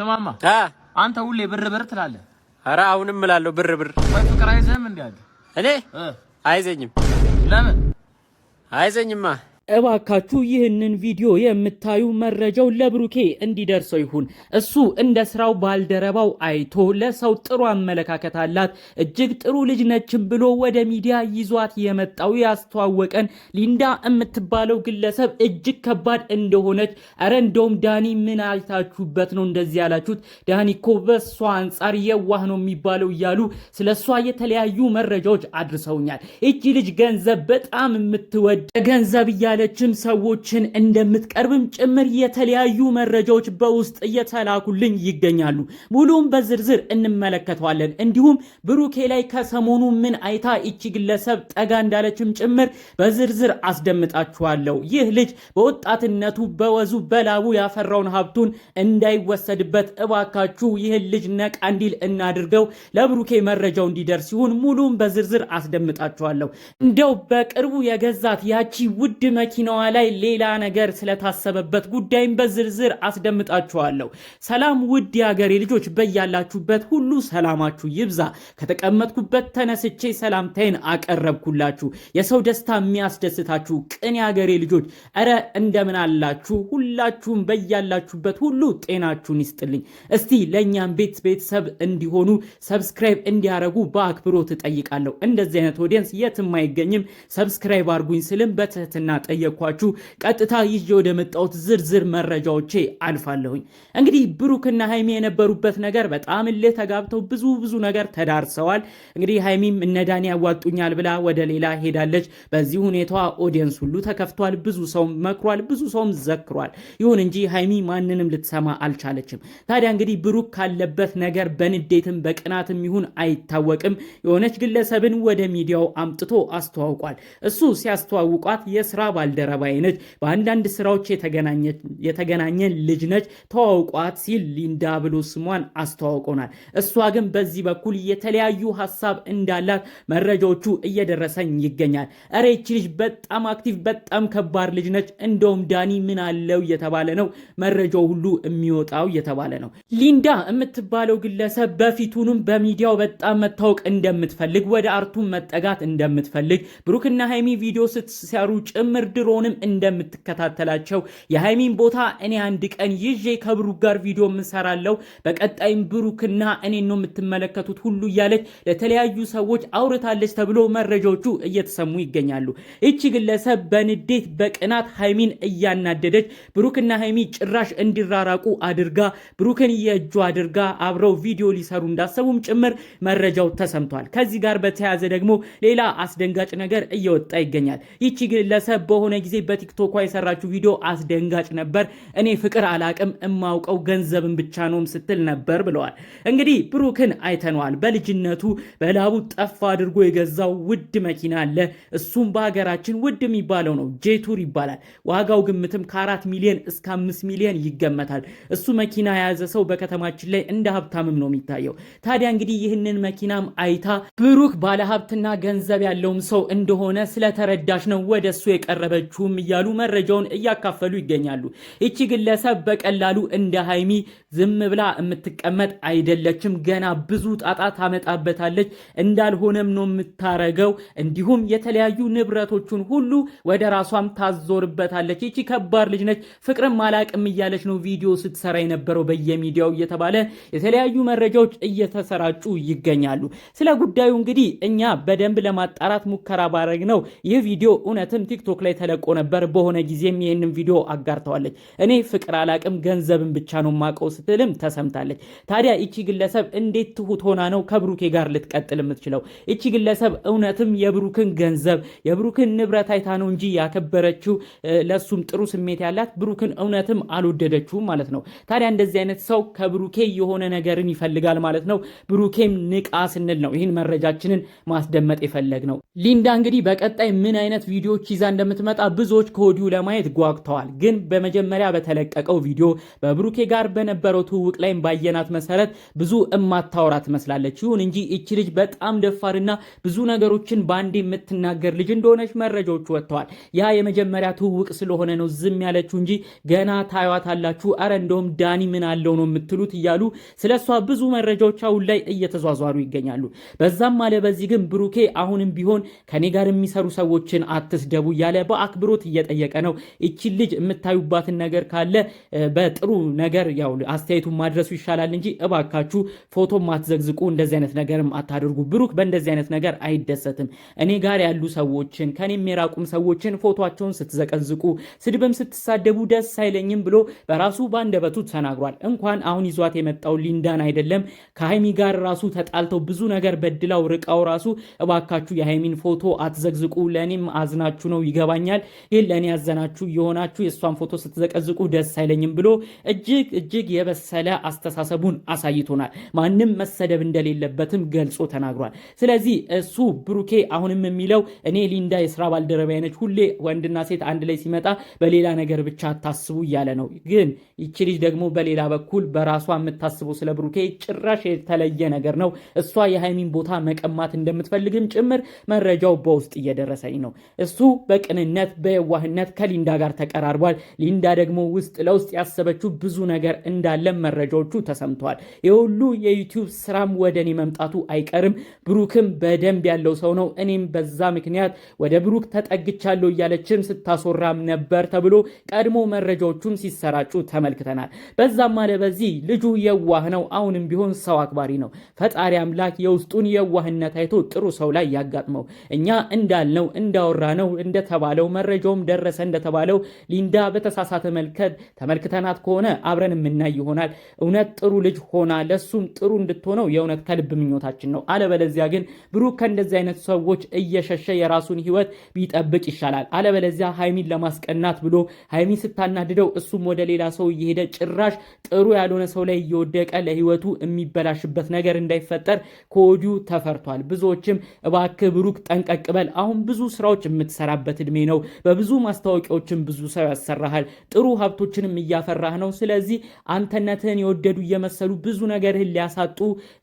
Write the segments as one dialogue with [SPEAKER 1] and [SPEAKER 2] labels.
[SPEAKER 1] ስማማ አንተ ሁሌ ብር ብር ትላለህ።
[SPEAKER 2] ኧረ አሁንም እላለሁ ብር ብር።
[SPEAKER 1] ወይ ፍቅር አይዘህም እንዴ?
[SPEAKER 2] እኔ አይዘኝም። ለምን አይዘኝማ?
[SPEAKER 3] እባካችሁ ይህንን ቪዲዮ የምታዩ መረጃው ለብሩኬ እንዲደርሰው ይሁን። እሱ እንደ ስራው ባልደረባው አይቶ ለሰው ጥሩ አመለካከት አላት፣ እጅግ ጥሩ ልጅ ነችም ብሎ ወደ ሚዲያ ይዟት የመጣው ያስተዋወቀን ሊንዳ የምትባለው ግለሰብ እጅግ ከባድ እንደሆነች፣ እረ እንደውም ዳኒ ምን አይታችሁበት ነው እንደዚህ ያላችሁት? ዳኒ እኮ በእሷ አንጻር የዋህ ነው የሚባለው እያሉ ስለ እሷ የተለያዩ መረጃዎች አድርሰውኛል። ይቺ ልጅ ገንዘብ በጣም የምትወድ ገንዘብ እያለ እያለችም ሰዎችን እንደምትቀርብም ጭምር የተለያዩ መረጃዎች በውስጥ እየተላኩልኝ ይገኛሉ። ሙሉም በዝርዝር እንመለከተዋለን። እንዲሁም ብሩኬ ላይ ከሰሞኑ ምን አይታ ይቺ ግለሰብ ጠጋ እንዳለችም ጭምር በዝርዝር አስደምጣችኋለሁ። ይህ ልጅ በወጣትነቱ በወዙ በላቡ ያፈራውን ሀብቱን እንዳይወሰድበት እባካችሁ ይህን ልጅ ነቃ እንዲል እናድርገው። ለብሩኬ መረጃው እንዲደርስ ሲሆን ሙሉም በዝርዝር አስደምጣችኋለሁ። እንደው በቅርቡ የገዛት ያቺ ውድ መ መኪናዋ ላይ ሌላ ነገር ስለታሰበበት ጉዳይም በዝርዝር አስደምጣችኋለሁ። ሰላም ውድ የአገሬ ልጆች፣ በያላችሁበት ሁሉ ሰላማችሁ ይብዛ። ከተቀመጥኩበት ተነስቼ ሰላምታይን አቀረብኩላችሁ። የሰው ደስታ የሚያስደስታችሁ ቅን የአገሬ ልጆች፣ እረ እንደምን አላችሁ? ሁላችሁም በያላችሁበት ሁሉ ጤናችሁን ይስጥልኝ። እስቲ ለእኛም ቤት ቤተሰብ እንዲሆኑ ሰብስክራይብ እንዲያደርጉ በአክብሮት እጠይቃለሁ። እንደዚህ አይነት ኦዲየንስ የትም አይገኝም። ሰብስክራይብ አድርጉኝ ስልም በትህትና ስለጠየኳችሁ ቀጥታ ይዤ ወደ መጣሁት ዝርዝር መረጃዎቼ አልፋለሁኝ። እንግዲህ ብሩክና ሀይሚ የነበሩበት ነገር በጣም እልህ ተጋብተው ብዙ ብዙ ነገር ተዳርሰዋል። እንግዲህ ሀይሚም እነ ያዋጡኛል ብላ ወደ ሌላ ሄዳለች። በዚህ ሁኔታዋ ኦዲየንስ ሁሉ ተከፍቷል። ብዙ ሰውም መክሯል፣ ብዙ ሰውም ዘክሯል። ይሁን እንጂ ሀይሚ ማንንም ልትሰማ አልቻለችም። ታዲያ እንግዲህ ብሩክ ካለበት ነገር በንዴትም በቅናትም ይሁን አይታወቅም የሆነች ግለሰብን ወደ ሚዲያው አምጥቶ አስተዋውቋል። እሱ ሲያስተዋውቋት የስራ ባልደረባዬ ነች፣ በአንዳንድ ስራዎች የተገናኘን ልጅ ነች፣ ተዋውቋት ሲል ሊንዳ ብሎ ስሟን አስተዋውቆናል። እሷ ግን በዚህ በኩል የተለያዩ ሀሳብ እንዳላት መረጃዎቹ እየደረሰኝ ይገኛል። እረ ይቺ ልጅ በጣም አክቲቭ፣ በጣም ከባድ ልጅ ነች። እንደውም ዳኒ ምን አለው እየተባለ ነው መረጃው ሁሉ የሚወጣው እየተባለ ነው። ሊንዳ የምትባለው ግለሰብ በፊቱንም በሚዲያው በጣም መታወቅ እንደምትፈልግ ወደ አርቱም መጠጋት እንደምትፈልግ ብሩክና ሃይሚ ቪዲዮ ስትሰሩ ጭምር ድሮንም እንደምትከታተላቸው የሃይሚን ቦታ እኔ አንድ ቀን ይዤ ከብሩክ ጋር ቪዲዮ የምሰራለው በቀጣይም ብሩክና እኔ ነው የምትመለከቱት ሁሉ እያለች ለተለያዩ ሰዎች አውርታለች ተብሎ መረጃዎቹ እየተሰሙ ይገኛሉ። ይቺ ግለሰብ በንዴት በቅናት ሃይሚን እያናደደች ብሩክና ሃይሚ ጭራሽ እንዲራራቁ አድርጋ ብሩክን የእጁ አድርጋ አብረው ቪዲዮ ሊሰሩ እንዳሰቡም ጭምር መረጃው ተሰምቷል። ከዚህ ጋር በተያያዘ ደግሞ ሌላ አስደንጋጭ ነገር እየወጣ ይገኛል። ይቺ ግለሰብ በሆነ ጊዜ በቲክቶኳ የሰራችው ቪዲዮ አስደንጋጭ ነበር። እኔ ፍቅር አላቅም እማውቀው ገንዘብን ብቻ ነውም ስትል ነበር ብለዋል። እንግዲህ ብሩክን አይተነዋል። በልጅነቱ በላቡ ጠፍ አድርጎ የገዛው ውድ መኪና አለ። እሱም በሀገራችን ውድ የሚባለው ነው፣ ጄቱር ይባላል። ዋጋው ግምትም ከአራት ሚሊዮን እስከ አምስት ሚሊዮን ይገመታል። እሱ መኪና የያዘ ሰው በከተማችን ላይ እንደ ሀብታምም ነው የሚታየው። ታዲያ እንግዲህ ይህንን መኪናም አይታ ብሩክ ባለሀብትና ገንዘብ ያለውም ሰው እንደሆነ ስለተረዳሽ ነው ወደ እሱ የቀረ አልቀረበችውም እያሉ መረጃውን እያካፈሉ ይገኛሉ። ይቺ ግለሰብ በቀላሉ እንደ ሀይሚ ዝም ብላ የምትቀመጥ አይደለችም። ገና ብዙ ጣጣ ታመጣበታለች። እንዳልሆነም ነው የምታረገው። እንዲሁም የተለያዩ ንብረቶቹን ሁሉ ወደ ራሷም ታዞርበታለች። ይቺ ከባድ ልጅ ነች። ፍቅርም አላቅም እያለች ነው ቪዲዮ ስትሰራ የነበረው በየሚዲያው እየተባለ የተለያዩ መረጃዎች እየተሰራጩ ይገኛሉ። ስለ ጉዳዩ እንግዲህ እኛ በደንብ ለማጣራት ሙከራ ባረግ ነው ይህ ቪዲዮ እውነትም ቲክቶክ ላይ ተለቆ ነበር። በሆነ ጊዜም ይህንን ቪዲዮ አጋርተዋለች። እኔ ፍቅር አላቅም ገንዘብን ብቻ ነው ማቀው ስትልም ተሰምታለች። ታዲያ ይቺ ግለሰብ እንዴት ትሁት ሆና ነው ከብሩኬ ጋር ልትቀጥል የምትችለው? ይቺ ግለሰብ እውነትም የብሩክን ገንዘብ የብሩክን ንብረት አይታ ነው እንጂ ያከበረችው ለእሱም ጥሩ ስሜት ያላት ብሩክን እውነትም አልወደደችውም ማለት ነው። ታዲያ እንደዚህ አይነት ሰው ከብሩኬ የሆነ ነገርን ይፈልጋል ማለት ነው። ብሩኬም ንቃ ስንል ነው ይህን መረጃችንን ማስደመጥ የፈለግ ነው። ሊንዳ እንግዲህ በቀጣይ ምን አይነት ቪዲዮዎች ይዛ እንደምትመ ሲመጣ ብዙዎች ከወዲሁ ለማየት ጓግተዋል። ግን በመጀመሪያ በተለቀቀው ቪዲዮ በብሩኬ ጋር በነበረው ትውውቅ ላይም ባየናት መሰረት ብዙ እማታወራ ትመስላለች። ይሁን እንጂ እቺ ልጅ በጣም ደፋርና ብዙ ነገሮችን በአንዴ የምትናገር ልጅ እንደሆነች መረጃዎች ወጥተዋል። ያ የመጀመሪያ ትውውቅ ስለሆነ ነው ዝም ያለችው እንጂ ገና ታዩታላችሁ። አረ እንደውም ዳኒ ምን አለው ነው የምትሉት እያሉ ስለ እሷ ብዙ መረጃዎች አሁን ላይ እየተዟዟሩ ይገኛሉ። በዛም አለ በዚህ ግን ብሩኬ አሁንም ቢሆን ከኔ ጋር የሚሰሩ ሰዎችን አትስደቡ እያለ በአክብሮት እየጠየቀ ነው። እቺ ልጅ የምታዩባትን ነገር ካለ በጥሩ ነገር ያው አስተያየቱን ማድረሱ ይሻላል እንጂ እባካችሁ ፎቶ ማትዘግዝቁ እንደዚህ አይነት ነገርም አታደርጉ። ብሩክ በእንደዚህ አይነት ነገር አይደሰትም። እኔ ጋር ያሉ ሰዎችን ከኔም የራቁም ሰዎችን ፎቶቸውን ስትዘቀዝቁ፣ ስድብም ስትሳደቡ ደስ አይለኝም ብሎ በራሱ በአንደበቱ ተናግሯል። እንኳን አሁን ይዟት የመጣው ሊንዳን አይደለም ከሀይሚ ጋር ራሱ ተጣልተው ብዙ ነገር በድላው ርቃው ራሱ እባካችሁ የሀይሚን ፎቶ አትዘግዝቁ። ለእኔም አዝናችሁ ነው ይገባኝ ይሰማኛል፣ ግን ለእኔ ያዘናችሁ የሆናችሁ የእሷን ፎቶ ስትዘቀዝቁ ደስ አይለኝም ብሎ እጅግ እጅግ የበሰለ አስተሳሰቡን አሳይቶናል። ማንም መሰደብ እንደሌለበትም ገልጾ ተናግሯል። ስለዚህ እሱ ብሩኬ አሁንም የሚለው እኔ ሊንዳ የስራ ባልደረባ አይነች፣ ሁሌ ወንድና ሴት አንድ ላይ ሲመጣ በሌላ ነገር ብቻ አታስቡ እያለ ነው። ግን ይቺ ልጅ ደግሞ በሌላ በኩል በራሷ የምታስበው ስለ ብሩኬ ጭራሽ የተለየ ነገር ነው። እሷ የሃይሚን ቦታ መቀማት እንደምትፈልግም ጭምር መረጃው በውስጥ እየደረሰኝ ነው። እሱ በቅን በቅንነት በየዋህነት ከሊንዳ ጋር ተቀራርቧል። ሊንዳ ደግሞ ውስጥ ለውስጥ ያሰበችው ብዙ ነገር እንዳለ መረጃዎቹ ተሰምተዋል። የሁሉ የዩቲዩብ ስራም ወደ እኔ መምጣቱ አይቀርም። ብሩክም በደንብ ያለው ሰው ነው፣ እኔም በዛ ምክንያት ወደ ብሩክ ተጠግቻለሁ እያለችም ስታስወራም ነበር ተብሎ ቀድሞ መረጃዎቹም ሲሰራጩ ተመልክተናል። በዛም አለ በዚህ ልጁ የዋህ ነው፣ አሁንም ቢሆን ሰው አክባሪ ነው። ፈጣሪ አምላክ የውስጡን የዋህነት አይቶ ጥሩ ሰው ላይ ያጋጥመው። እኛ እንዳልነው እንዳወራነው እንደተባለው የተባለው መረጃውም ደረሰ እንደተባለው ሊንዳ በተሳሳተ መልከት ተመልክተናት ከሆነ አብረን የምናይ ይሆናል። እውነት ጥሩ ልጅ ሆና ለሱም ጥሩ እንድትሆነው የእውነት ከልብ ምኞታችን ነው። አለበለዚያ ግን ብሩክ ከእንደዚህ አይነት ሰዎች እየሸሸ የራሱን ህይወት ቢጠብቅ ይሻላል። አለበለዚያ ሀይሚን ለማስቀናት ብሎ ሀይሚን ስታናድደው እሱም ወደ ሌላ ሰው እየሄደ ጭራሽ ጥሩ ያልሆነ ሰው ላይ እየወደቀ ለህይወቱ የሚበላሽበት ነገር እንዳይፈጠር ከወዲሁ ተፈርቷል። ብዙዎችም እባክህ ብሩክ ጠንቀቅበል አሁን ብዙ ስራዎች የምትሰራበት እድሜ ። ነው ነው። በብዙ ማስታወቂያዎችን ብዙ ሰው ያሰራሃል። ጥሩ ሀብቶችንም እያፈራህ ነው። ስለዚህ አንተነትህን የወደዱ እየመሰሉ ብዙ ነገርህን ሊያሳጡ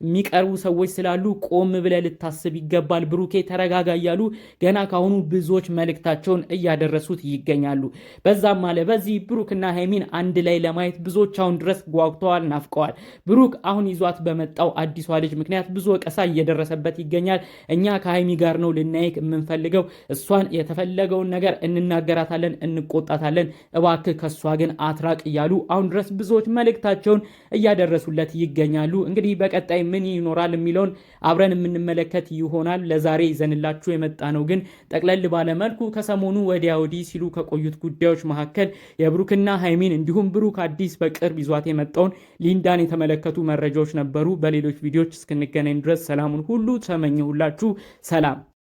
[SPEAKER 3] የሚቀርቡ ሰዎች ስላሉ ቆም ብለህ ልታስብ ይገባል። ብሩኬ ተረጋጋ እያሉ ገና ካሁኑ ብዙዎች መልእክታቸውን እያደረሱት ይገኛሉ። በዛም አለ በዚህ ብሩክና ሀይሚን አንድ ላይ ለማየት ብዙዎች አሁን ድረስ ጓጉተዋል፣ ናፍቀዋል። ብሩክ አሁን ይዟት በመጣው አዲሷ ልጅ ምክንያት ብዙ ወቀሳ እየደረሰበት ይገኛል። እኛ ከሀይሚ ጋር ነው ልናይክ የምንፈልገው እሷን የተፈለገውን ነገር እንናገራታለን፣ እንቆጣታለን፣ እባክህ ከሷ ግን አትራቅ እያሉ አሁን ድረስ ብዙዎች መልእክታቸውን እያደረሱለት ይገኛሉ። እንግዲህ በቀጣይ ምን ይኖራል የሚለውን አብረን የምንመለከት ይሆናል። ለዛሬ ይዘንላችሁ የመጣ ነው ግን ጠቅለል ባለመልኩ ከሰሞኑ ወዲያ ወዲህ ሲሉ ከቆዩት ጉዳዮች መካከል የብሩክና ሃይሚን እንዲሁም ብሩክ አዲስ በቅርብ ይዟት የመጣውን ሊንዳን የተመለከቱ መረጃዎች ነበሩ። በሌሎች ቪዲዮዎች እስክንገናኝ ድረስ ሰላሙን ሁሉ ተመኘሁላችሁ። ሰላም